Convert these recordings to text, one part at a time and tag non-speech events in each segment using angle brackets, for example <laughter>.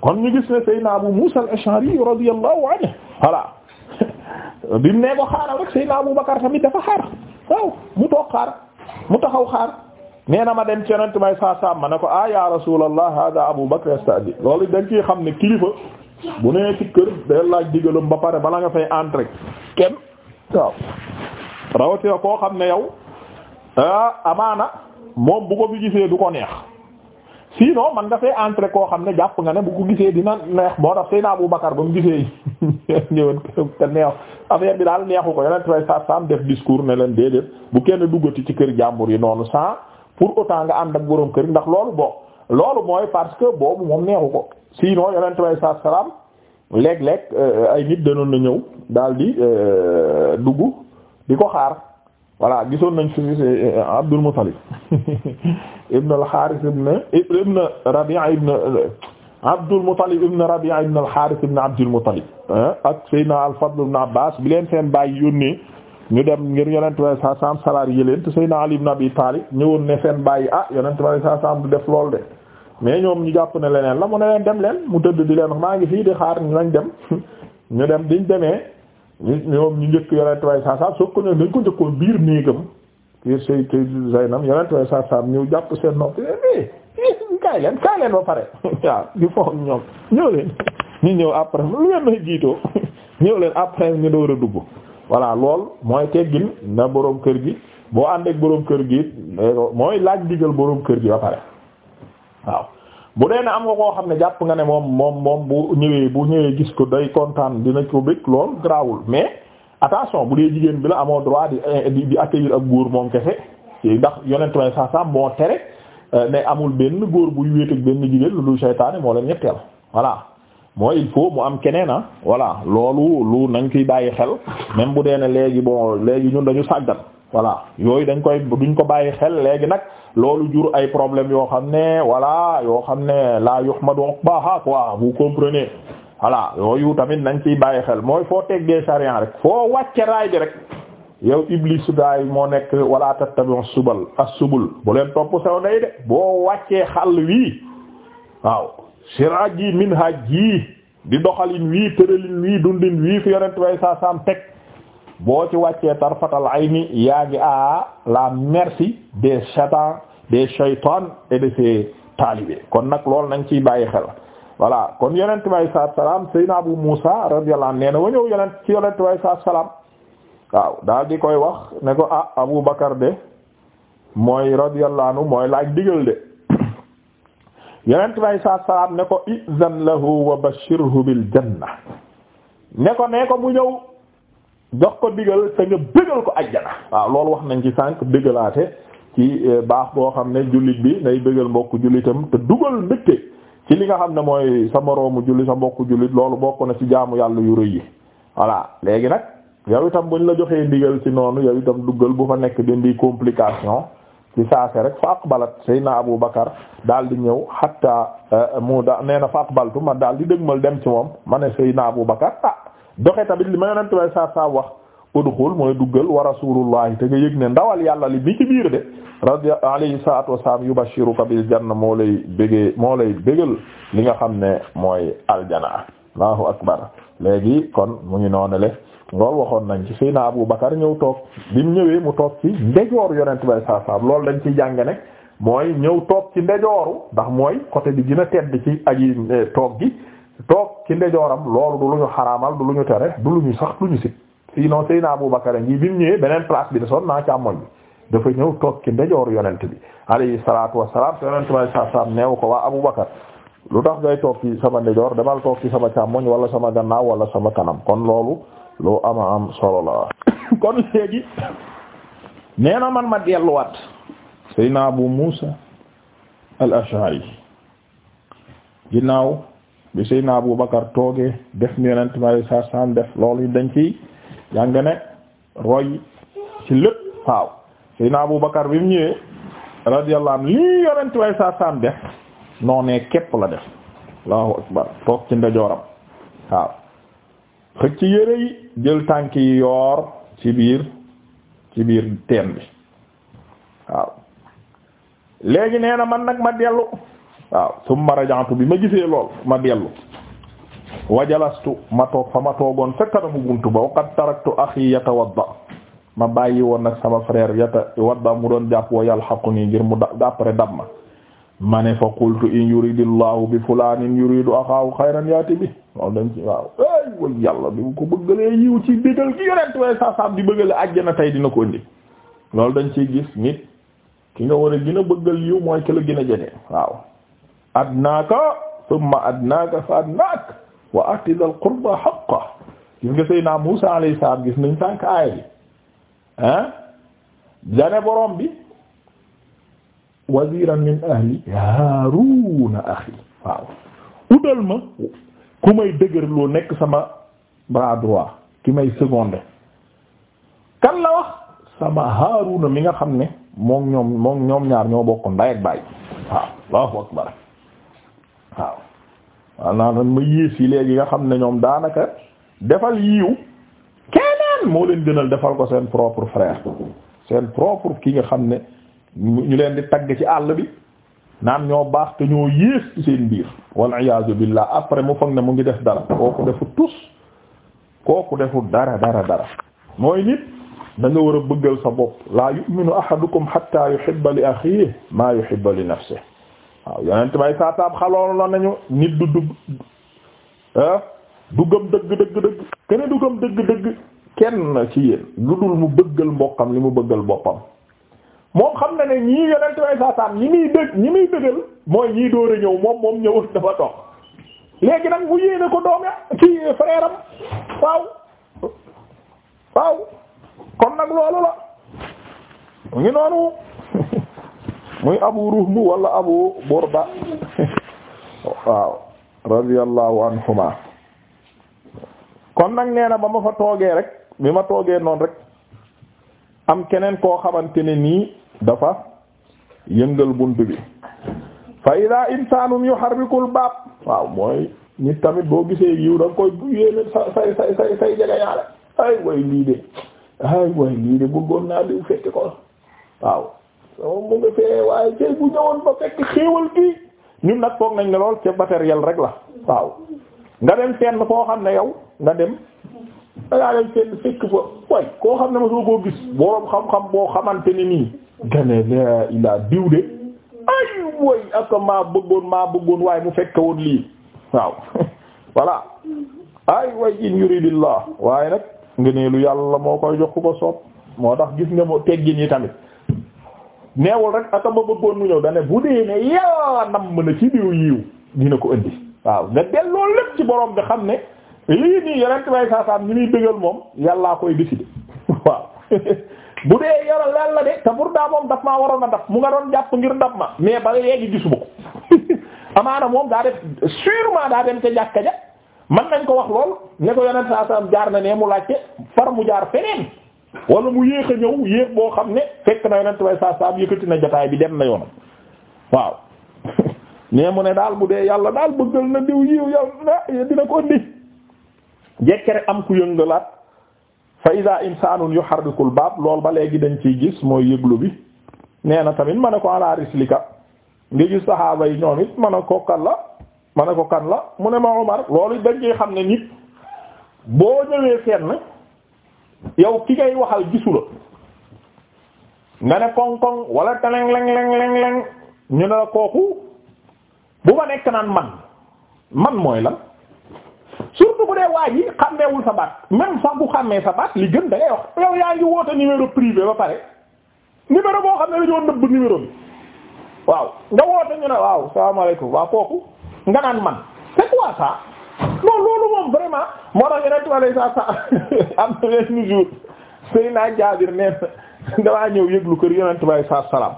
kon ñu gis ne Seydina Abu Musa al-Ash'ari radiyallahu anhu voilà bi mu nee ko xaaral rek Seydina Abu Bakar tamit dafa xaar waaw mu toog xaar mu taxaw xaar nee na ma dem ci Yonent may ko ah ya Rasulallah hada xam ne kilifa bu nee ci kër day laaj digalam ba pare bala nga fay entrer kenn waaw rawatina koo xam ne yow ah amaana moom bu ko bi gisee du ko neex. sinon man nga fee entrer koo xam ne jàpp nga ne bu ko gisee dina neex moo tax naa Abu Bakar ba mu gisee <laughs> ñëwoon te neex affaire bi daal neexu ko yonent way sa sam def discours ne leen déedéet bu kenn duggati ci kër jàmbur yi noonu sans pour autant nga ànd ak boroom kër ndax loolu bo loolu mooy parce que boobu moom neexu ko sinon yonent way sa salaam léeg-léeg euh, ay nit danoon na ñëw daal di euh, dugg di ko xaar voilà gisoon nañ suñu eh, Abdul Muttalib <laughs> ibn al-Harith ibn ibn Rabi'a ibn eh, Abdul Muttalib ibn Rabi'a ibn al-Harith ibn Abdul Muttalib eh, ak Seydina al-Fadl ibn Abbas bi leen seen bàyyi yónnee ñu dem ngir yonent bi sa saam salarié leen te Seydina Ali ibn Abi Talib ñëwoon ne seen bàyyi ah yonent bi saa saam du def lool de mais ñoom ñu jàpp ne leneen la mu ne leen dem leen mu tëdd di leen maa ngi fii di xaar nañ dem <laughs> ñu dem diñ demee. ñoom ñu njëkk yonent way saa saam soo ko ñëw dañ ko njëkkoon biir néegam kër say kër Zaynab yonent way saa ñëw jàpp seen nopp eh, eh, eh, kaay leen kaay leen ba pare <laughs> waaw di foog ñoom ñëw leen ñu ñëw après lu leen may jiitoo <laughs> ñëw leen après ñu door a dugg voilà lool mooy teggin na boroom kër gi boo ànd ak boroom kër gi mooy laaj digal boroom kër gi ba pare waaw bu dee ne am nga koo xam ne jàpp nga ne moom moom moom bu ñëwee bu ñëwee gis ko day kontaan dina ko bëgg lool grawul mais attention bu dee jigéen bi la amoo droit di eh, di accueillir ak góor moom kese ndax yonent may saa saa moo tere eh, ne amul benn góor buy wéet ak benn jigéen lu dul seytaane moo leen ñetteel voilà mooy il faut mu am keneen a ah. voilà loolu lu nañ kiy bàyyi xel même bu dee ne léegi bon léegi ñun dañu sàggan. voilà yooyu dañ koy duñ ko bàyyi xel léegi nag loolu jur ay problème yoo xam ne wala yoo xam ne la yuhmadu uqbaha quoi vous comprenez voilà yooyu tamit nañ ciy bàyyi xel mooy foo teggee sarian rek foo wàcce raay bi rek yow iblis daay moo nekk wala tattabi'u subal as-subul bu leen topp sew day de boo wàccee xàll wii waaw siraaj yi minhaj yi di doxalin wii tëralin wii dundin wii fi yonent way teg boo ci wàccee tarfatal ayni yaa ngi à la merci des satan des shaytan et de ses kon nag loolu nañ ciy bàyyi xel voilà kon yonent bi salaatu salaam Seydina Abu Muusa radiyallahu anhu nee na wa ñëw yonent ci yonent bi salaatu salaam waaw daal di koy wax ne ko ah Abu Bakar de mooy radiyallahu anhu mooy laaj digal de <coughs> yonent bi salaatu salaam ne ko izan lahu wa bashirhu bil janna ne ko ne ko mu ñëw. jox ko digal te nga bégal ko ajjana waaw loolu wax nañ ci sànq bégalaate ci euh, baax boo xam ne jullit bi nay bëggal mbokk jullitam te dugal mbégte ci li nga xam ne mooy sa moroomu jullit sa mbokk jullit loolu bokk na ci jaamu yàlla yu rëy yi voilà léegi nag yow itam buñ la joxee ndigal ci noonu yow itam duggal bu fa nekk dindi complication ci saase rek fa aqbalat naa Abu Bakar daal di ñëw hatta euh, mu da nee na fa aqbaltu ma daal di dëgmal dem ci moom ma ne Seydina Abu Bakar ah, doxe tamit li ma yonent bay saab saa wax udxul mooy duggal wa rasulullahi te nga yëg ne ndawal yàlla li mi ci biir de radia alayhi salatu wasalaam yubashiruka bil janna moo lay bégee moo lay bégal li nga xam ne mooy aljana allahu akbar léegi kon mu ngi noonu le loolu waxoon nañ ci Seydina Abu Bakar ñëw toog bi mu ñëwee mu toog ci ndejooru yonent bay saa saa loolu dañ ciy jàng ne mooy ñëw toog ci ndejooru ndax mooy côté bi gën tedd ci aji eh, toog gi toog ci ndejooram loolu du lu ñu xaraamal du lu ñu tere du lu ñu sax lu ñu sit sinon Seydina Abu Bakar ngi bi mu ñëwee beneen place bi desoon naa càmmoñ bi dafa ñëw toog ci ndejooru yonent bi alayhi salaatu wassalaam te yonent bi saa saam neew ko waa Abu Bakar lu tax ngay toog sama ndejoor demal toog ci sama càmmoñ wala sama gannaaw wala sama kanam kon loolu lu ama am solo la <coughs> kon léegi nee na man ma delluwaat Seydina Abu Muusa al Ash'ari ginnaaw bi Seydina Abu Bakar toogee def ni yonent mi alayhi def loolu dañ ci jàng ne roy ci lépp waaw Seydina Abu Bakar bi mu ñëwee radiyallahu anhu lii yonent mi def noonee képp la def allahu akbar toog ci ndajooram waaw xëcc yére yi jël tànk yi yoor ci biir ci biir teen bi waaw léegi nee man nag ma dellu waaw summa rajaatu bi ma gisee lool ma dellu wajalastu ma toog fa ma toogoon ca kanamu buntu ba waqad taraktu axi yatawadda ma bàyyi woon nag sama frère yata wadda mu doon jàpp wa yalhaquni xayran yaati bi waaw dañ ci waaw ay way yàlla bi ko bëggalee yiw ci digal ki yonent way sa sam di bëggale àjjana tey dina ko indi loolu dañ ci gis nit ki nga war a gën a bëggal yiw mooy ki la gën a jege waaw adnaaka thumma adnaaka fa adnaaka wa ati qurba haqqa gis nga Seydina Muusaa alayhi salaam gis nañ sànk aaya bi ah dane borom bi waziran min ahli Haaruuna axi waaw utal ma ku may dëgërloo nekk sama bras droit ki may secondé kan la wax sama Haaruuna mi nga xam ne moom ñoom moom ñoom ñaar ñoo bokk ndey ak baay waaw Allahu akbar walla nag ma yées yi léegi nga xam ne ñoom daanaka defal yiw keneen moo leen gënal defal ko seen propre frère seen propre ki nga xam ne ñu leen di tagg ci àll bi naan ñoo baax te ñoo yées ci seen biir wal iyaazu billah après mu foog ne mu ngi def dara kooku defu tus kooku defu dara dara dara mooy nit da war a bëggal sa bopp laa yu'minu ahadukum hatta yuhibba li akhihi ma yuhibba li nafsihi waaw yonent bay saa saab xaloon la nañu nit du dugg ah, du gëm dëgg dëgg dëgg kenn du dëgg dëgg kenn ci yéen lu dul mu bëggal mbokkam li mu bëggal boppam moom xam na ne ñii yonent bay saa ñi muy dëgg ñi muy dëggal mooy ñii door a ñëw moom moom ñëwul dafa toog léegi nag mu yéene ko doom ya ci frère am waaw waaw kon nag loolu la mu ngi noonu muy abu ruhmu wala abu burda <laughs> waaw radiyallahu anhuma kon nag nee na ba ma fa toogee rek bi ma toogee noonu rek am keneen koo xamante ne nii dafa yëngal bunt bi fa ida insanum yuharrikul baab waaw mooy nit tamit boo gisee yiw da nga koy yéene sa say say say say jege yaale ay way lii de ay way lii de bëggoon naa liw fekk ko waaw moom mu ngi fee waaye tey bu ñëwoon ba fekk xéewal kii ñun nag foog nañ ne lool ca matériel rek la waaw nga dem fenn foo xam ne yow nga dem dangaa dem fenn fekk fa way koo xam ne ma soo koo gis boroom xam-xam boo xamante ni nii gane la ilaa diw de ay way ak maa bëggoon maa bëggoon waaye mu fekke woon lii waaw <laughs> voilà ay way in yuridillah waaye nag nga ne lu yàlla moo koy jox ku ko soob moo tax gis nga mo teggin yi tamit neewul rek atama bëggoon mu ñëw dane bu dee ne yàlla nam mën a ci diw yiw dina ko indi waaw nga delloo lépp ci boroom bi xam ne lii nii yonent bay saasaam ñi muy bëggal moom yàllaa koy décider <laughs> waaw <laughs> bu dee yàlla lal la de te pour daa moom daf ma waroon a daf mu nga doon jàpp ngir daf ma mais ba léegi gisuma ko <laughs> amaana moom daa def sûrement daa dem ca jàkka ja man nañ ko wax lool ne ko yonent saasaam jaar na ne mu laajte far mu jaar feneen wala mu yéex a ñëw yéex boo xam ne fekk na yonent way saa saam yëkkati na jotaay bi dem na yoonam waaw mais <laughs> mu ne daal bu dee yàlla daal bëggal na diw yiw yàlla ah dina ko ëndi jekkere am ku yëngalaat fa ida yu yuharrikul baab lool ba léegi dañ ciy gis mooy yëglu bi nee na tamit ma ne ko ala ngi nga gis saxaaba yi ñoom it ma ne ko kan la ma ne ko kan la mu ne ma Umar loolu dañ ciy xam ne nit boo ñëwee na yow ki ngay waxal gisu la nga ne koŋ-koŋ wala teleng leng leng leng ñu ne la kooku bu ma nekk naan man man mooy lan surtout bu dee waa ji xàmmeewul sa baat même sax bu xàmmee sa baat li gën da ngay wax yow yaa ngi woote numéro privé ba pare numéro boo xam ne dañoo nëbb numéro bi waaw nga woote ñu ne waaw salaamaaleykum waa kooku nga naan man c'est quoi ça non loolu moom vraiment moo tax yeneen tubaab yi sax am na benn jour Seydina Jaabir nee na ñëw yëglu kër yeneen tubaab yi sax salaam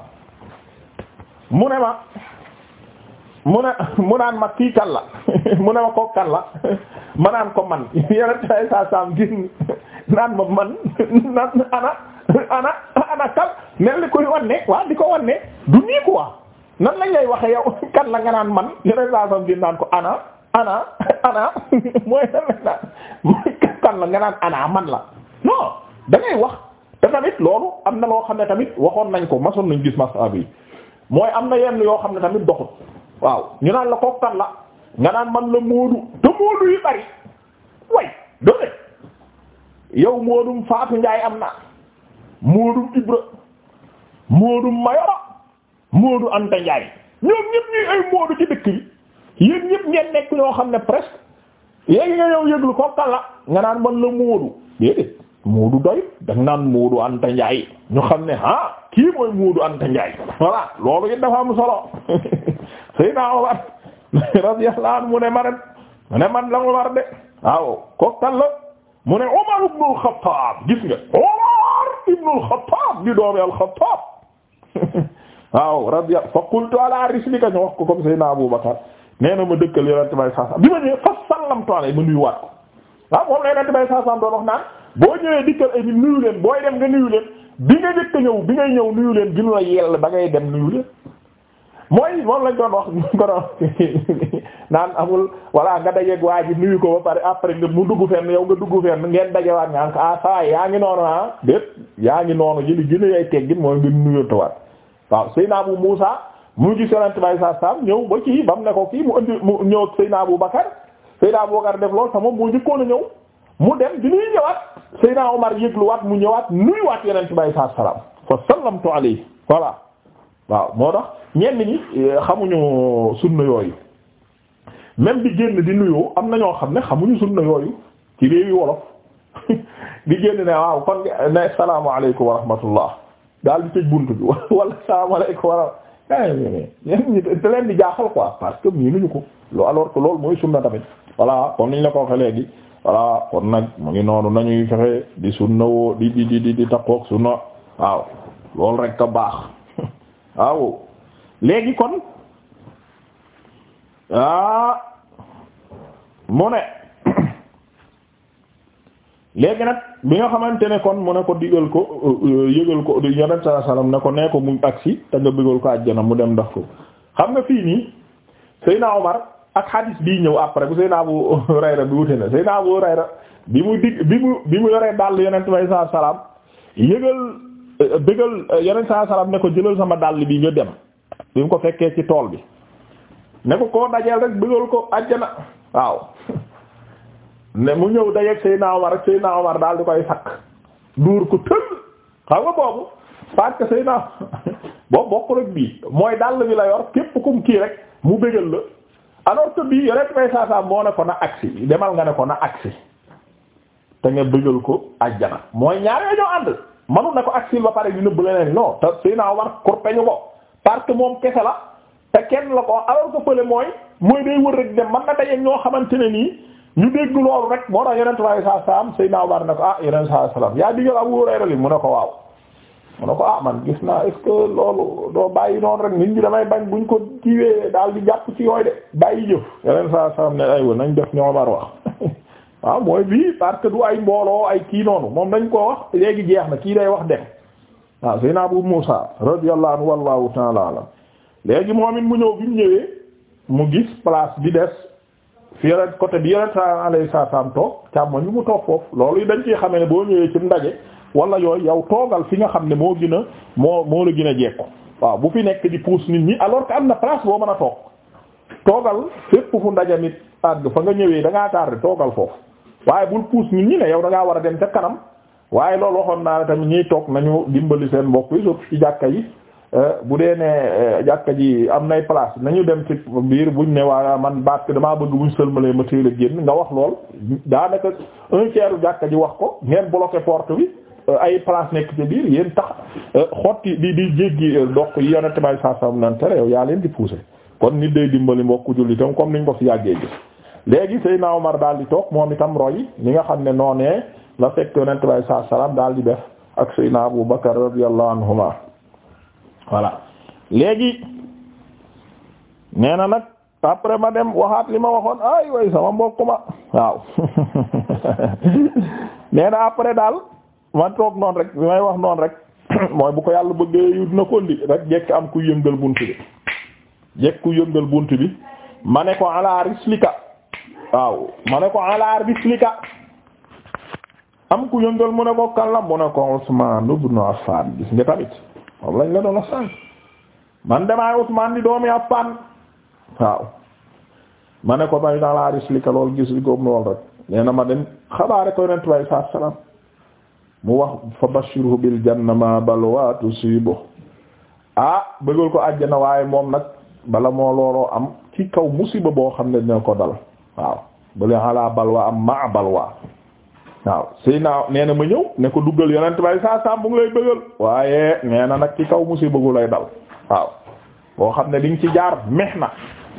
mu ne ma mu ne mu naan ma kii kan la <laughs> mu ne ma kooku kan la <laughs> ma naan ko man yeneen tubaab yi sax salaam génn <laughs> naan ma man naan ana ana ana kan mel ni koy wan ne di ko wan ne du nii quoi waxe yow kan la nga naan man yeneen saa sam génn naan ko ana. ana ana mooy <laughs> la mooy kan la nga naan ana man la non da ngay wax te tamit loolu am na loo xam ne tamit waxoon nañ ko masoon nañ gis masab yi mooy am na yenn yoo xam ne tamit doxut waaw ñu naan la ko kan la nga naan man la móodu te móodu yi bari way doole yow móodum Faatu Njaay am na móodum Ibra móodum Mayoro móodu Anta Njaay ñoom ñëpp ñuy ay móodu ci dëkk bi yéen ñëpp ngeen nekk ñoo xam ne presque léegi nga ñëw yëglu kookal la nga naan man la Moodu déedéet Moodu doy danga naan Moodu Anta Ndiaye ñu xam ne ah kii mooy Moodu Anta Ndiaye voilà loolu it dafa am solo <laughs> Seydina Omar radiyallahu anhu mu ne ma mu ne man la Omar de waaw kookal la mu ne Omar ibnul Xattaab gis nga Omar ibnul Xattaab di doomi al Xattaab <laughs> waaw radiya fa qultu ala rislika ñu wax ko comme Seydina Abu Bakar nee na ma dëkkal yonent bay saasaam bi ma ñëwee fa sallamtu alayhi ma nuyu waat ko waaw moom la yonent bay saasaam doon wax naan boo ñëwee dikkal ay nit nuyu leen booy dem nga nuyu leen bi nga ñëw bi ngay ñëw nuyu leen ginu la yell ba ngay dem nuyu leen mooy moom lañ doon wax ñu <laughs> ko doon naan amul voilà nga dajeeg waa ji nuyu ko ba pare après nga mu dugg fenn yow nga dugg fenn ngeen dajewaat nga ko ah saa yaa ngi noonu ah déet yaa ngi noonu jëli gën a yay teggin mooy nga nuyoo tawaat mu gis yonent bay sa sam ñëw ba kii ba mu ne ko kii mu indi mu ñëw Seydina Abu Bakar Seydina a ñëw mu dem di nuy ñëwaat Seydina Omar yëgluwaat mu ñëwaat nuyuwaat yonent bay sa salaam fa sallamtu alayhi voilà waaw moo tax ñenn ñi eh, xamuñu sunna yooyu même di génn di nuyoo am na ñoo xam ne xamuñu sunna yooyu ci réewi wolof <laughs> di génn ne waaw kon ne salaamu alaykum wa rahmatullah daal di tëj buntu bi <laughs> wala salaamu alaykum wa ah yéen ñi te leen di jaaxal quoi parce que miinuñu ko loo alors que loolu mooy sunna tamit voilà comme niñ la ko waxee léegi kon nag mu ngi noonu nañuy fexe di sunna woo di di di di di takkook sunna waaw loolu rek a baax <laughs> waaw léegi kon ah mu ne. léegi nag bi nga xamante ne kon mu ne ko digal ko euh, yëgal ko yonent saa salaam ne ko nee ko mu agsi te nga bëggal ko àjjana mu dem ndax ko xam nga fii nii Seyna Omar ak hadis bii ñëw après bu Seyna Abu Hurayra bi wute na Seyna bi mu dig bi mu bi mu yoree dàll yonent may saa salaam yëgal euh, bëggal euh, yonent saa ne ko jëlal sama dàll bi nga dem bi ko fekkee ci tool bi ne ko koo dajeel rek ko àjjana waaw ne mu ñëw dajeeg Seydina Omar ak Seydina Omar daal di koy sakk duur ko tël xam nga boobu parce que Seydina <laughs> boobu bokkul ak bii mooy dàll bi la yor képp kum kii rek mu bégal la alors que bii yore may saa moo ne ko na agsi demal nga ne ko na agsi te nga bégal ko àjjana mooy ñaaree ñoo ànd manu na ko agsi ba pare di nëbb leneen non te Seydina Omar kurpeñu ko parce que moom kese la te kenn la ko alors que fële mooy mooy day wër rek dem man na dajeeg ñoo xamante ne nii. ñu dégg loolu rek moo tax yonent bi saa salaam Seydina Umar ne ko ah yonent saa salaam yaa digal Abu Hurayra li mu ne ko waaw mu ne ko ah man gis naa est loolu doo bàyyi noonu rek nit ñi damay bañ buñ ko kiiwee daal di jàpp ci yooyu de bàyyi jëf yonent saa salaam ne aywa nañ def ñoo Umar wax <laughs> waaw mooy bii parce du ay mbooloo ay kii noonu moom dañ koo wax léegi jeex na kii day wax dem waaw Seydina Abu Muusa radiyallahu anhu wallahu ta'ala alam léegi moom it mu ñëw bi mu ñëwee fi yore côté bi yore saa alayhi salaam toog càmmoñ ñu mu toog foofu loolu dañ ciy xamee ne boo ñëwee ci ndaje wala yooyu yow toogal fi nga xam ne moo gën a moo moo la gën a jekku waaw bu fi nekk di pousse nit ñi alors que am na place boo mën a toog toogal fépp fu ndaje nit àgg fa nga ñëwee da ngaa tardé toogal foofu waaye bul pousse nit ñi ne yow da ngaa war a dem ca kanam waaye loolu waxoon naa la tamit ñiy toog nañu dimbali seen mbokk yi surtout ci jàkka yi bu dee ne eh, jàkka ji am na nay place nañu dem ci biir buñ ne waa man baat damaa bëgg buñ sëlmalee ma teel a génn nga wax lool daanaka un tiers jàkka ji wax ko ngeen bloqué port bi eh, ay place nekk ci biir yéen tax eh, xotti di di jéggi doq yi yonent bay saa saa nan tere yow yaa leen di pousser kon nit day dimbali mbokku jullitam comme niñ ko fi yàggee gis léegi Seydina Omar daal di toog moom itam roy li nga xam ne noonee la fekk yonent bay salaam daal di ak Seydina Abu voilà léegi nee na nag après ma dem waxaat li ma waxoon ay way sama mbokk ma waaw <laughs> nee après daal ma toog noonu rek bi may wax noon rek <coughs> mooy bu ko yàlla bëgg yu dina ko indi rek jekk am ku yëngal bunt bi jekk ku yëngal bunt bi ma ne ko ala rislika waaw ma ne ko ala rislika am ku yëngal mu ne ko kan mu ne ko Usman ibn Affan gis nga tamit moom lañ la doon a sànq man demaay waaw ma ne ko may naa laa expliquer lool gis li góob lool rek nee na ma dem xabaare ko yonent bi saa salaam mu wax fa bashirhu bil janna ma balwa tusibu ah bëggal ko àjjana waaye moom nag bala moo looloo am ci kaw musiba boo xam ne dina ko dal waaw bële ala balwa am ma balwa waaw sëy naa nee na ma ñëw ne ko duggal yonent bay saa saa mu ngi lay bëggal waaye nee na nag ci kaw musiba gu lay dal waaw boo xam ne diñ ci jaar mex na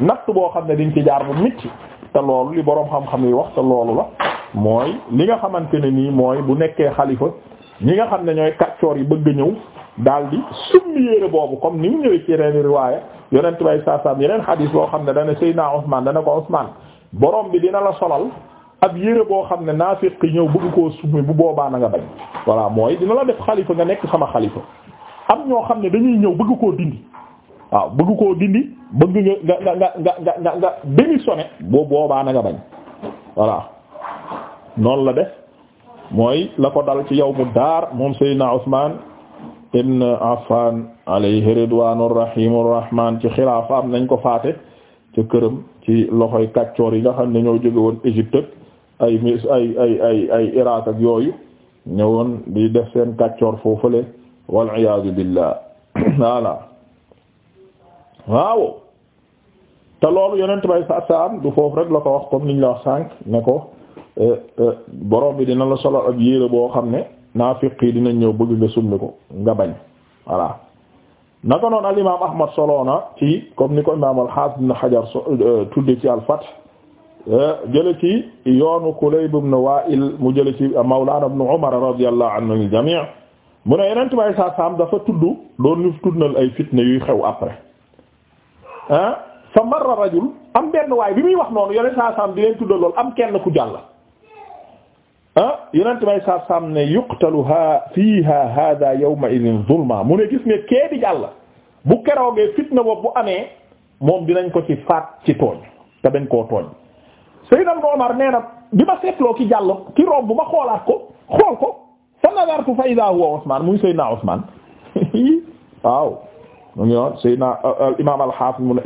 natt boo xam ne diñ ci jaar bu mitti te loolu li boroom xam-xam yi wax te loolu la mooy li nga xamante ne nii mooy bu nekkee xalifa ñi nga xam ne ñooy kaccoor yi bëgg ñëw daal di summi yére boobu comme ni mu ñëwee ci yeneen riwaaya yonent bay saa yeneen xadiis boo xam ne dana sëy naa Usmaan dana ko Usmaan borom bi dina la solal ab yére boo xam ne naafiq yi ñëw bëgg koo summi bu boobaa na bañ voilà mooy dina la def xalifa nga nekk sama xalifa am ñoo xam ne dañuy ñëw bëgg ko dindi waaw bëgg ko dindi bëgg nga nga nga nga nga nga nga boo boobaa na bañ voilà noonu la def mooy la ko dal ci yow mu daar moom Seydina Usman ibn Affan alayhi ridwanur rahimur rahman ci xilaafa am nañ ko faate ca këram ci loxoy kàccoor yi nga xam ne ñoo jóge woon Égypte ay mis ay ay ay ay Irak yooyu ñëwoon di def seen kàccoor foofule wal iyaadu billah <clears throat> voilà waaw te loolu yonent bay sa saam du foofu rek la ko wax kom niñ la wax sànq ne ko eh, eh, borom bi dina la solo ak yére boo xam ne naafiq yi dinañ ñëw bëgg nga summi ko nga bañ voilà naka noonu al imaam Ahmad solo na ci comme ni ko imaam al-Hafiz ibn eh, tudde ci al Eh, jële ci yoonu Kulayb ibn Wa'il mu jële ci mawlana ibn Umar radiyallahu anhu al jami' mu ne yeneen tubaab saa saam dafa tudd doon ñu tuddal ay fitne yuy xew après eh, fa marra rajul am benn waay bi muy wax noonu yeneen saa saam di leen tuddal lool am kenn ku jàll eh, yenent yeneen tubaab saam ne yuqtalu ha fiiha hada yawma idin zulma mu ne gis ne kee jàll bu keroogee fitne boobu bu amee moom dinañ ko ci faat ci tooñ te dañ koo tooñ. Seydina Omar nee na bi ma seetloo ki jàll ki romb ma xoolaat ko xool ko fa nadartu fa idaa huwa Usmaan muy Seydina Usmaan <laughs> waaw mu ngi noonu Seydina euh, al imaam al haafiz mu ne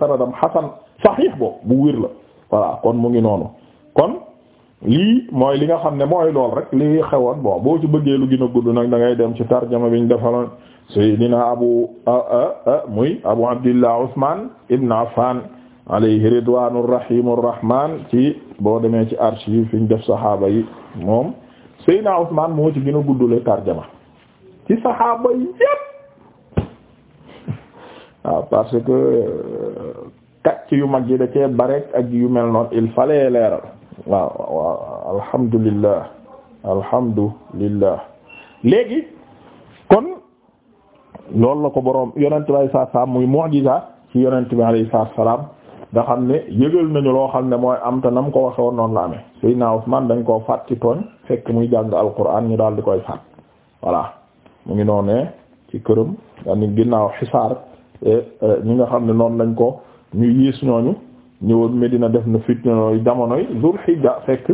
sanadam hasan saxiix boobu bu wér la waaw kon mu ngi noonu kon lii mooy li nga xam ne mooy lool rek li xewoon bon boo ci bëggee lu gën a gudd nag da dem ci tarjama biñ defaloon Seydina Abu euh, euh, muy Abu Abdillah Usmaan ibn Affaan alayhi ridwaanu rahimu rahmaan ci boo demee ci archive fi ñu def saxaaba yi moom Seydina Usmaan moo ci gën a guddule tarjama ci saxaaba yépp waaw ah, parce que euh, kàcc yu mag yi da cee bare ak yu mel noonu il fallait leeral waaw waaw alhamdulillah kon loolu la ko boroom yonent bi alayhi salaam muy mu'jiza ci yonent bi alayhi salaam nga xam ne yëgal nañu loo xam ne mooy am ta na mu ko waxe woon noonu la amee naaw man dañ koo faat ci tooñ fekk muy jàng alquran ñu daal di koy faat voilà mu ngi ne ci këram dañu ginnaaw xisaar eh, eh, ñi nga xam ne noonu lañ ko ñu yiis ñooñu ñëwoon Medina def na fitna jamonoy Dul Hijja fekk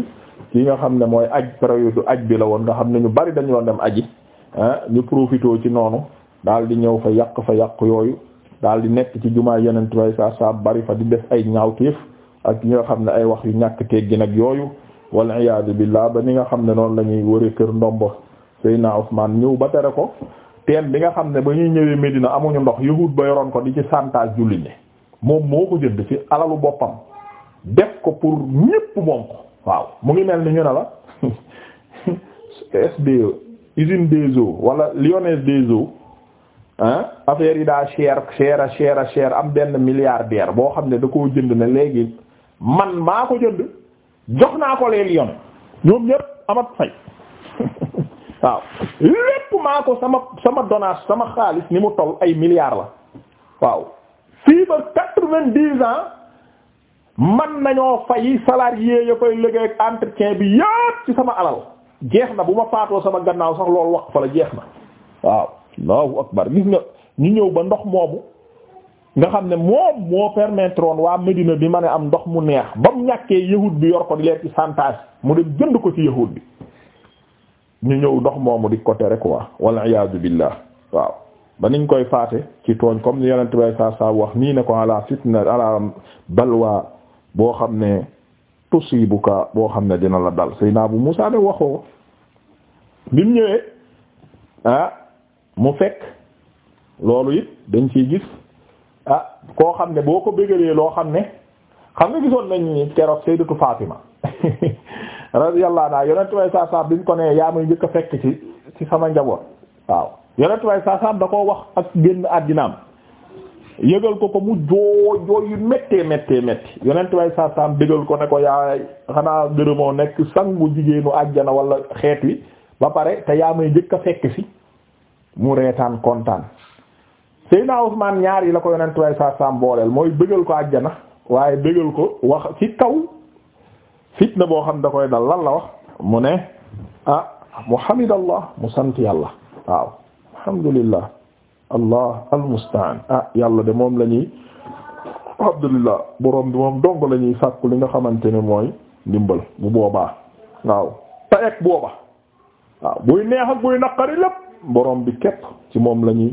ki nga xam ne mooy aj période aj bi la woon nga xam ne ñu bari dañu doon dem aji eh, ñu profité ci noonu daal di ñëw fa yàq fa yàq yooyu daal di nekk ci jumaa yeneen way sa sa bari fa di def ay ñaawteef ak ñi nga xam ne ay wax yu ñàkk teggi nag yooyu wal iyaadu billah ba ni nga xam ne noonu lañuy ñuy wëre kër ndombo Seyna Ousmane ñëw ba tere ko teen bi nga xam ne ba ñuy ñëwee Medina amuñu ndox yahud ba yoroon ko di ci santage julli ne moom moo ko jënd ci alalu boppam def ko pour ñépp moom ko waaw mu ngi mel ni ñu ne la SDE <laughs> usine des eaux wala Lyonnaise des eaux affaire yi daa cher cher a cher am benn milliardaire boo xam ne da koo jënd na léegi man maa ko jënd jox naa ko les lions ñoom ñépp amat fay <laughs> waaw lépp maa ko sama sama donage sama xaalis ni mu toll ay milliards la waaw fii ba quatre-vingt-dix ans man nañoo fay salarié ya koy liggéey ak entretien bi yépp ci sama alal jeex na bu ma faatoo sama gannaaw sax loolu wax fa la jeex na waaw allahu akbar gis nga ñu ñëw ba ndox moomu nga xam ne moom moo permettre woon waa Medina bi ma ne am ndox mu neex ba mu ñàkkee yahut bi yor ko di leen ci santage mu dem jënd ko ci yahut bi ñu ñëw ndox moomu di ko rek waa wal iyaadu billah waaw ba niñ koy faate ci tooñ comme ni yonent bay saa saa wax nii ne ko ala fitna ala balwa boo xam ne tusibuka boo xam ne dina la dal Seydina Abu Musa de waxoo bi ñëwee ah, mu fekk loolu it dañ ciy gis ah koo xam ne boo ko bëggalee loo xam ne xam nga gisoon nañ keroog sayyidatu Fatima <laughs> radiyallahu anha yonent way saa saam bi ñu ko nee yaa muy njëkk a fekk ci ci sama njaboot waaw yonent way saa saam wax ak génn àddinaam yëgal ko ko mu jooy jooy yu méttee méttee métti yonent way saa saam ko ne ko yaay xanaa gërëmoo nekk sangu jigéenu àjjana wala xeet wi ba pare te yaa muy njëkk a fekk si mu reetaan kontaan Seydina Usmaan ñaar yi la ko yonent way sa booleel mooy bëggal ko àjjana waaye bëggal ko wax ci kaw fitna boo xam da koy dal lan la wax mu ne ah muhamidallah mu sant yàlla waaw alhamdulillah allah almustaan ah yàlla de moom la ñuy alhamdulillah borom bi moom dong la ñuy sàkku li nga xamante ne mooy ndimbal bu boobaa waaw ta booba waaw buy neex ak buy naqari lépp borom bi képp ci moom la ñuy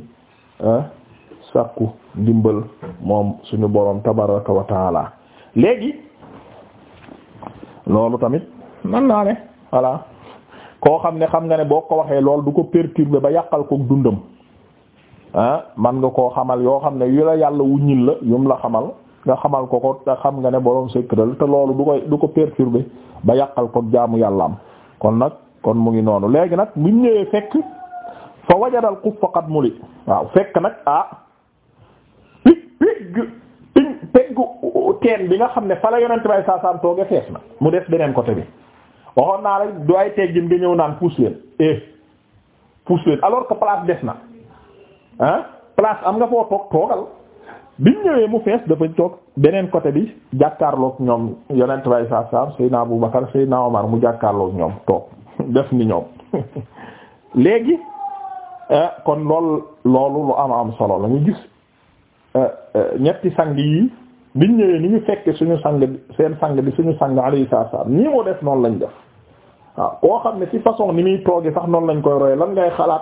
sàkku dimbal moom suñu borom tabaraka wa taala léegi loolu tamit man naa ne voilà koo xam ne xam nga ne boo ko waxee lool du ko perturber ba yàqal ko dundam ah man nga koo xamal yoo xam ne yu la yàlla la yum la xamal nga ko ko te xam nga ne borom secret te loolu du koy du ko perturber ba yàqal ko jaamu yàlla am kon nag kon mu ngi noonu léegi nag buñ ñëwee fekk fa wajada al kuffa qad muli waaw fekk nag ah pig pig pig peggu teen bi nga xam ne fa la yonent bay saasaam tooge fees na mu des beneen côté bi waxoon naa la du ay teggin nga ñëw naan pousse leen eh pousse leen alors que place des na ah place am nga foo toog toogal biñ ñëwee mu fees dafa toog beneen côté bi jàkkaarlook ñoom yonent bay saasaam Seydina Abou Bakar Seydina Omar mu jàkkaarloog ñoom toog <laughs> def ni ñoom <laughs> léegi Eh, kon lool loolu lu am am solo lañu gis eh, eh, ñetti sang yi biñ ñëwee ni ñu fekke suñu sang seen sang bi suñu sang alayhi salaam nii moo def noonu lañ def waaw koo xam ne ci façon ni muy toogi sax noonu lañ koy roye lan ngay xalaat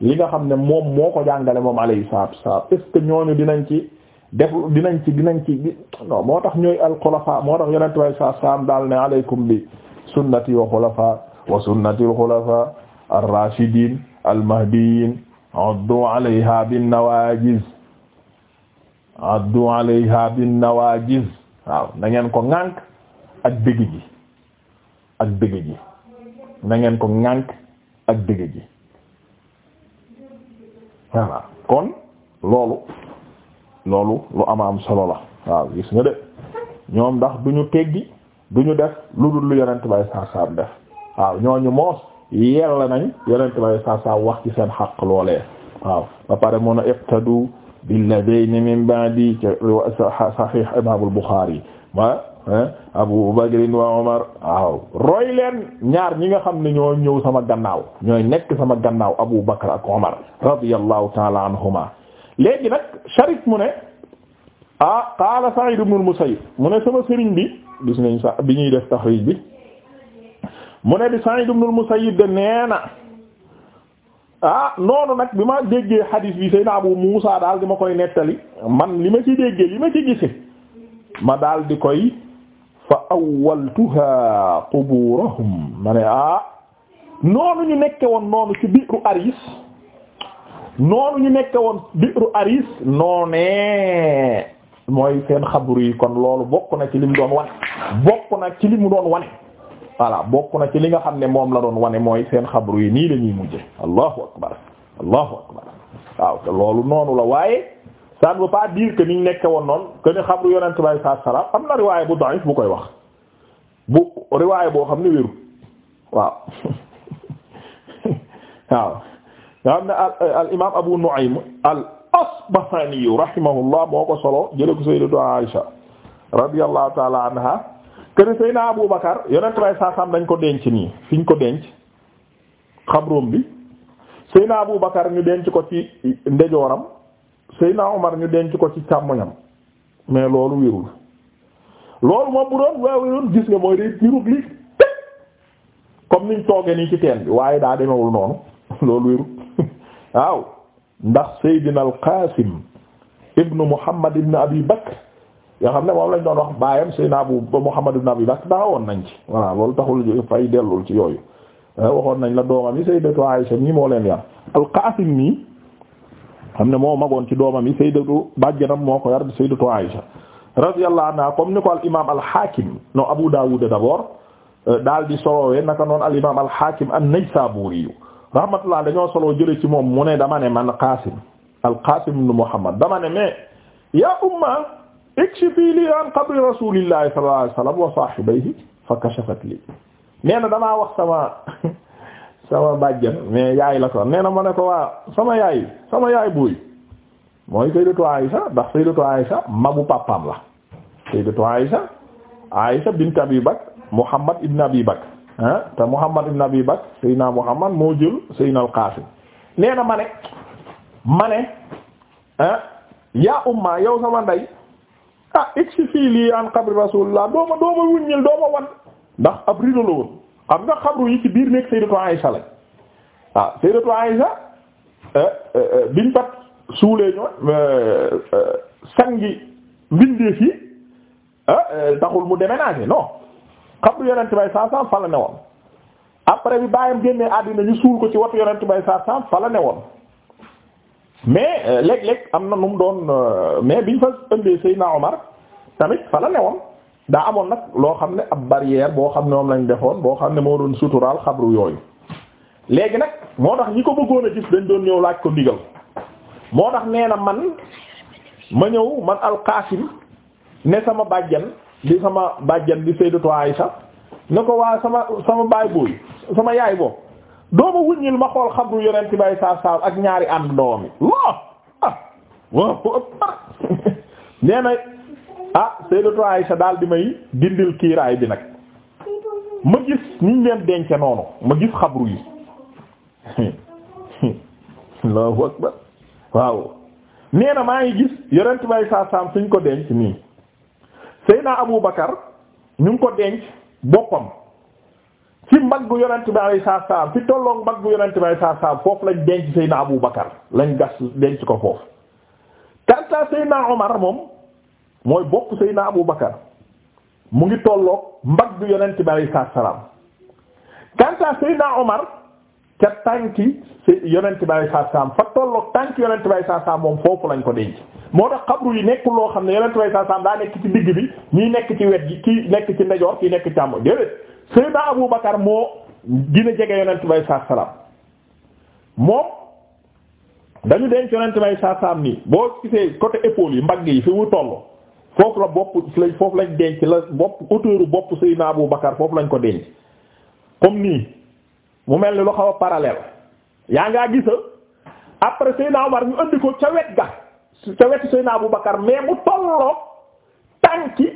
li nga xam ne moom moo ko jàngale moom alayhi salaatu wassalaam est ce que ñooñu dinañ ci def dinañ ci dinañ ci non moo tax ñooy al moo tax yonent way sa daal ne aleykum bi sunnati wa xulafa wa sunnati al xulafa ar almahdiyin addu alayha binnawajiz addu alayha binnawajiz waaw na ko ŋànk ak dëgg ji ak dëgg ji na ko ŋànk ak dëgg ji kon loolu loolu lu ama am solo la waaw gis nga de ñoom ndax duñu teggi duñu def lu dul lu yonent bay saar saar def waaw ñooñu moos yell nañ yonent bay sa saa wax ci seen xaq loolee waaw ba pare mun a iqtadu billadayni min ba'di sahih imam al-Bukhari wa Abu Bakr wa Umar waaw roy leen ñaar ñi nga xam ne ñoo ñëw sama gannaaw ñooy nekk sama gannaaw Abu Bakr ak Umar radiyallahu ta'ala anhuma léegi nag Sharik mu ne ah qaala Sa'id ibn al-Musayyib mu ne sama sëriñ bi gis nañ sa bi ñuy def taxriij bi mu ne di Sa'id ibn al-Musayyib de ah noonu nag bi ma déggee hadis bi Seydina Abu Muusa daal di ma koy nettali man li ma ci déggee li ma ci gise ma daal di koy fa awwaltuha quburahum ma ne ah noonu ñu nekke woon noonu ci biiru Aris noonu ñu nekke woon biiru Aris noonee mooy seen xabru yi kon loolu bokk na ci li mu doon wane bokk na ci limu mu doon wane voilà bokk na ci li nga xam ne moom la doon wane mooy seen xabru yi nii la ñuy mujje allahu akbar allahu akbar waaw loolu noonu la waaye ça bu veut pas dire que nekke woon noonu que ne xabru yonent bay saa salaam am na riwaay bu da'if bu koy wax bu riwaay boo xam ne wéru waaw <laughs> waaw nga xam ne al imaam abu nu'aym al asbahani rahimahullah moo ko solo jële ko sayyidatu aisha radiyallahu ta'ala anha kër Seydina Abu Bakar yonent bay saasam dañ ko denc nii fiñ ko denc xabroom bi Seydina Abu Bakar ñu denc ko ci ndejooram Seydina Umar ñu denc ko ci càmmoñam mais loolu wirul loolu moom bu doon waa wérul gis nga mooy day niru li comme niñ toogee nii ci teen bi waaye daa demewul noonu <laughs> loolu wérul <laughs> waaw ndax Seydina al Qaasim ibnu Muhammad ibnu Abi Bakr yoo xam ne moom lañ doon wax baayam Seydina Abu Muhammad ibn Abi Bakr taxawoon nañ ci voilà loolu taxul fay dellul ci yooyu eh, waxoon nañ la doomam yi Sayyidatu Aisha ñi moo leen yar al-Qasim nii xam ne moo magoon ci doomam yi Sayyidatu bàjjanam moo ko yar Sayyidatu Aisha radiyallahu anha comme ni ko al imam al-Hakim no Abu Dawud d'abord eh, daal di solowee naka noonu al imam al-Hakim an-Naysaburi rahmatullah dañoo soloo jële ci moom mu ne dama man Qasim al-Qasim ibn Muhammad dama ne mais ya umma ikshifi li an qabri rasulillahi sallallahu alayhi wasallam wa sahibayhi fa kashafat li nee na damaa wax sama sama bàjjen mais yaay la ko nee na ma ne ko waa sama yaay sama yaay buy mooy sayyidatu Aisha ndax sayyidatu Aisha magu papaam la sayyidatu Aisha Aisha bint Abi Bakr Muhammad ibn Abi Bakr ah, te Muhammad ibn Abi Bakr Seydina Muhammad moo jël Seydina al-Qasim nee ma ne ma ne ah umma yow sama ndey ah iksi fii lii an xabri rasulullah dooma dooma wuññil dooma wan ndax ab rido la woon xam nga xabru yi ci biir nekk sayyidatu Aisha lañ waaw ah, sayyidatu Aisha eh, eh, eh, biñ pat suulee ñoon sangi mbindeef yi ah, taxul mu déménager non xabru yonent bay saa saa fa la ne woon après bi bàyyam génnee àddina ñu suul ko ci watu yonent bay saa saa fala la ne woon mais euh, léeg-léeg am na nu mu doon euh, mais biñ fa ëndee Seydina Omar tamit fa la newoon daa amoon nag loo xam ne ab barrière boo xam ne moom lañ defoon boo xam ne moo doon suturaal xabru yooyu léegi nag moo tax ñi ko bëggoon a gis dañ doon ñëw laaj ko ndigal moo tax nee na man ma ñëw man alqaasim ne sama bàjjan di sama bàjjan di Sayyidatu Aisha ne ko waa sama sama baay booy sama yaay boobu dooma wuññil ma xool xabru yonent bay saa saa ak ñaari ànd doom yi waaw ah waaw <laughs> nee na ah Sayyidatu daal di may dindil kiiraay bi nag ma gis niñ leen denc noonu ma gis xabru yi <laughs> waaw nee maa ngi gis yonent bay saa saa suñ ko denc nii Sayyidina Abu Bakar ñu ko denc boppam ci mbaggu yonent bi alayhi salaam fi tolloog mbaggu yonent bi alayhi salaam foofu lañ denc Seydina Abu Bakar lañ gas denc ko foofu karta Seydina Omar moom mooy bokk Seydina Abu Bakar mu ngi tolloog mbaggu yonent bi alayhi salaam karta Seydina Omar ca tànki yonent bi alayhi salaam fa tolloog tànki yonent bi alayhi salaam moom foofu lañ ko denc moo tax xabru yi nekkul loo xam ne yonent bi alayhi salaam daa nekk ci digg bi ñii nekk ci wet gi kii nekk ci ndejoor kii nekk càmmoñ déedéet Seydina Abu Bakar moo gën a jege yonent bay saa salaam moom dañu denc yonent bay saa salaam nii boo gisee côté épaule yi mbagg yi fi mu toll foofu la bopp foofu lañ denc la bopp hauteuru bopp Seydina Abu foofu lañ ko denc comme nii mu mel ni lu xaw a parallèle yaa ngaa gisa après Seydina Omar ñu andi ko ca wet ga ca wetu Seydina Abu mais mu tolloo tànki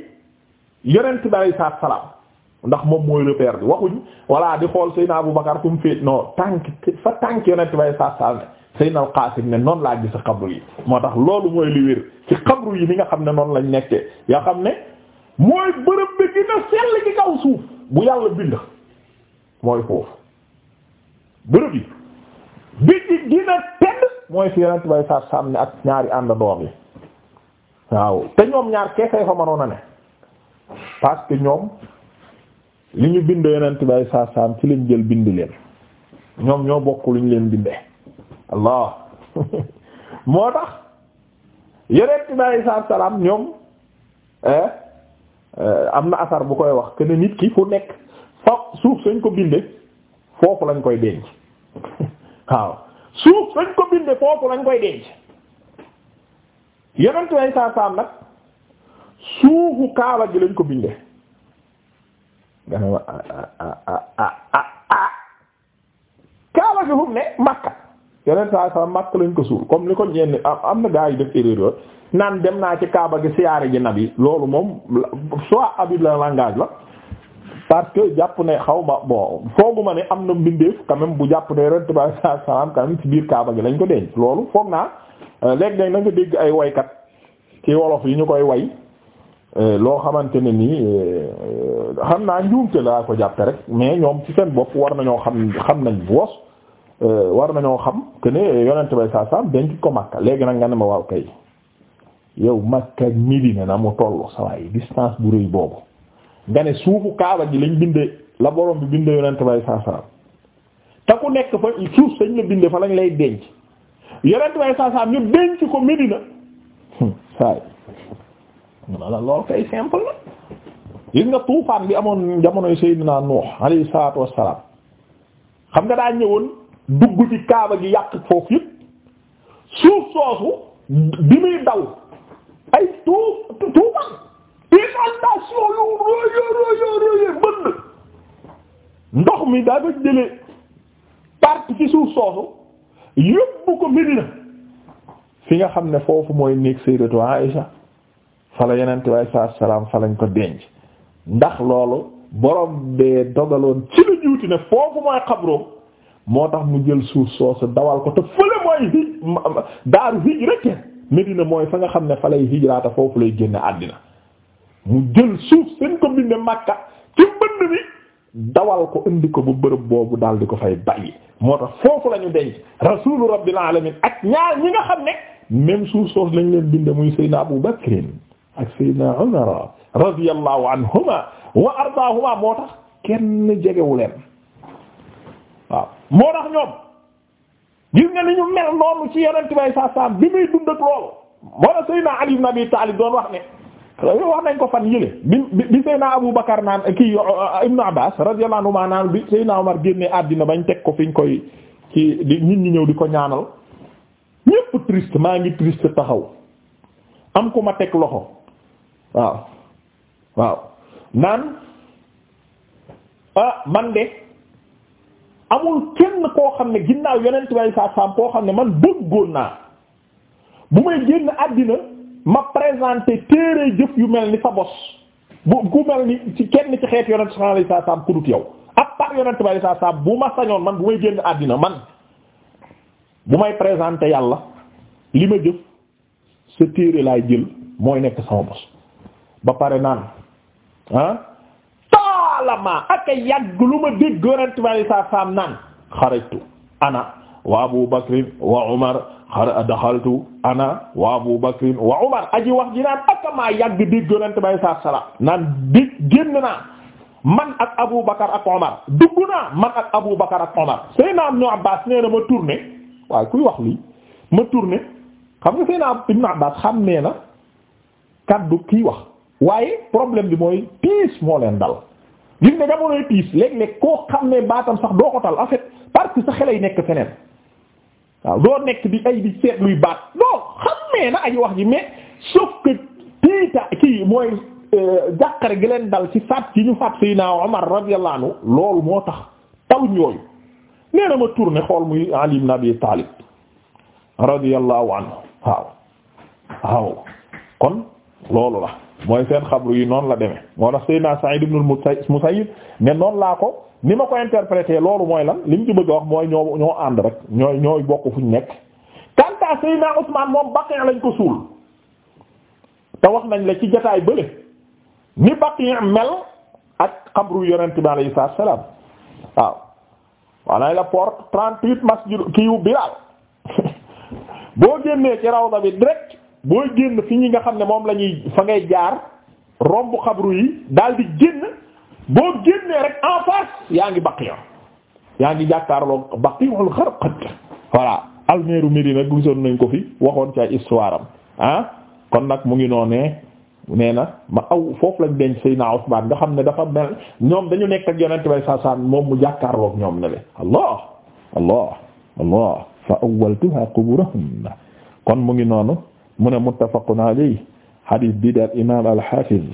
yonent bay saa salaam ndax moom mooy repère bi waxuñ voilà di xool Seydina Aboubacar fu mu féet non tànk fa tànk yonent bay saasal ne Seydina ne noonu laa gis moo tax loolu mooy li yi ni nga xam ne noonu lañ nekkee yoo xam ne mooy bërëb bi dina sell ci kaw suuf bu yàlla bind mooy foofu bërëb yi bi di tedd mooy fi yonent bay saasal ne ak ñaari àndandoor yi waaw te ñoom ñaar keesay fa mënoon a ne parce ñoom li ñu bind yonent bay saa saam ci lañ jël bind leen ñoom ñoo bokk lu ñu leen bindee allah <laughs> moo tax yonent bay saa ñoom eh, eh, am na asar bu koy wax que nit ki fu nekk fa suuf sañ ko binde foofu lañ koy denc <laughs> waaw suuf sañ ko binde foofu lañ koy denc yonent bay saa nag suufu kaaba gi lañ ko binde nga ne ma ah ah ah, ah ah ah ah kaaba gi fu ne Makka lañ ko suul comme li ko ñenn am na gaa yi def erreur naan dem naa ci kaaba gi siyaare ji nabi loolu moom soit abus de langage la parce que jàpp ne xaw ma bon foogu ma ne am na mbindeef quand même bu jàpp ne yonent bi saa salaam quand ci biir kaaba gi lañ ko denc loolu foog naa euh, léeg-léeg na nga dégg ay woykat ci wolof yi ñu koy way. Eh, loo xamante ne nii eh, xam naa njuumte laa ko jàppe rek mais ñoom ci seen bopp war nañoo xam xam nañ woos eh, war nañoo xam que ne yonent bay saa saam denc ko Makka léegi nag nga ne ma waaw kay yow Makka Medina na mu toll sa waay distance bu rëy boobu nga ne suufu Kaaba ji lañ bindee la borom bi bindee yonent bay saa saam te ku nekk fa suuf sañ la bindee fa lañ lay denc yonent bay saa ñu denc ko Medina saay mun la lool kay simple la gis nga tuufaan bi amoon jamonoy Seydina Nuux alayhi salaatu wassalaam xam nga daa ñëwoon dugg ci kaaba gi yàq foofu yëpp suuf soosu bi muy daw ay tuuf tuufaan inondation yu royo royo bënn ndox mi daa ko jëlee parti ci suuf soosu yóbbu ko Medina fi nga xam ne foofu mooy néeg Sayyidatu Aïsha fala yenente way saa salaam falañ ko denc ndax loolu borom bee dogaloon ci la juuti ne foofu mooy xabroom moo tax mu jël suuf soosu dawal ko te fële mooy hij daaru hij rek Medina mooy fa nga xam ne fa lay hijraata foofu lay génne àddina mu jël suuf seen ko binde Makka ci mbënd mi dawal ko indi ko bu bërëb boobu daal di ko fay bàyyi moo tax foofu la ñu denc rasuulu rabbil alamin ak ñaar ñi nga xam ne même suuf soosu lañ leen binde muy Seydina Abu Bakrin ak Seydina Umar radiyallahu anhuma wa ardaahuma moo tax kenn jegewu waaw moo tax ñoom gis nga ni ñu mel noonu ci yonent bay saa saa bi muy dund ak loolu moo tax Seydina Ali ibn Abi Talib doon wax ne wax nañ ko fan yële bi bi Seydina Abu Bakar naan kii uh, uh, Ibn Abbas radiyallahu anhuma naan bi Seydina Umar génnee àddina bañ teg ko fiñ koy ci di nit ñi ñëw di ko ñaanal ñépp triste maa ngi triste taxaw am ku ma teg loxo waaw waaw naan a ah, man de amul kenn koo xam ne ginnaaw yonent way saa saam koo xam ne man bëggoon naa bu may génn àddina ma présente téere jëf yu mel ni sa bos bu ku mel ni ci kenn ci xeet yonent sallallahu alayhi wasallam ku dut yow ak par yonent sallallahu alayhi wasallam bu ma sañoon man bu may génn àddina man bu may présenter yàlla li ma jëf sa téere laay jël mooy nekk sama bos ba pare naan ah, taalama ak yàgg lu ma dégg yonent bi alei saatu naan xarajtu ana wa abu bakrin wa umar daxaltu ana wa abu bakrin wa umar aji wax ji naan ak maa yàgg dégg yonent bi alei salaam naan dégg génn naa man ak abu bakar ak omar dugg naa man ak abu bakar ak omar Seydina Ibn Abbas nee na ma tourné waaye kuy wax lii ma tourné xam nga Seydina Ibn Abbas xam nee na kaddu kii wax waaye problème bi mooy tiis moo leen dal gis nga jamonoy tiis léeg-léeg koo xam ne baatam sax doo ko tal afet fait parce que sa xelay nekk feneen waaw doo nekk di ay di seet luy baat doo xamee na ay wax ji mais sauf que tiita kii mooy euh, jàqare gi leen dal ci faat ci ñu faat Seydina Omar radiyallahu anhu loolu moo tax taw ñooyu nee na ma tourné xool muy Ali ibn Abi Talib radiyallahu anhu waaw waaw kon loolu la mooy seen xabru yi noonu la demee moo tax Seydina Sa'id ibn al-Musayyib ne noonu laa ko ni ma ko interprété loolu mooy lan li mu ci bëgg wax mooy ñoo ñoo ànd rek ñooy ñooy bokk fu ñu nekk. Kanta Seydina Ousmane moom Baqi' lañ ko suul te wax nañ la ci jotaay bële ni Baqi' mel ak xabru yonent bi alayhi salaam waaw. walaay la porte 38 masjid kiiwu Bilaal <laughs> boo génnee ci rawda bi direct booy génn fi ñi nga xam ne moom lañuy fa ngay jaar romb xabru yi daal di génn boo génnee rek en face yaa ngi Baqiya yaa ngi jàkkaarloo Baqiyul Gharqad voilà almeeru Médina gisoon nañ ko fi waxoon ci ay ah kon nag mu ngi noonee nee na ma aw foofu lañ denc Seydina Usmaan nga xam ne dafa mel ñoom dañu nekk ak yonent bay saa saan moom mu jàkkaarloog ñoom ne le allah allah allah fa awwaltuha quburahum kon mu ngi noonu mu ne muttafaqun alayhi hadis bi daal imaam al-Hafiz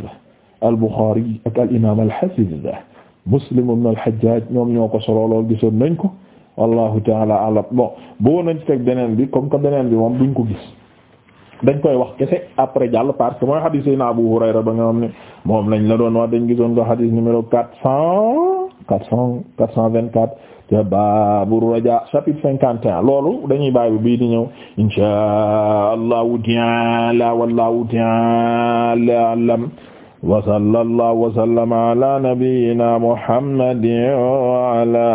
al-Bukhari ak al-imaam al-Hafiz Muslim ibn al-Hajjaj ñoom ñoo ko solo lool gisoon nañ ko wallahu ta'ala a'lam bon boo nañ teg beneen bi comme que beneen bi moom duñ ko gis dañ koy wax kese après jàll parce que mooy hadis yi na Abu Hurayra ba nga xam ne moom lañ la doon wax dañ gisoon ko hadis numéro quatre cent quatre cent quatre cent vingt-quatre ca baabu raja chapitre cinquante et un loolu dañuy bàyyi bi di ñëw insha allahu taala wallahu taala alam wa sallallahu wa sallama ala nabiyyina muhammadin wa ala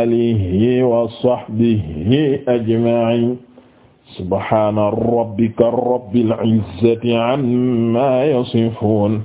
alihi wa sahbihi ajma'in subhana rabbika rabbil izzati amma yasifun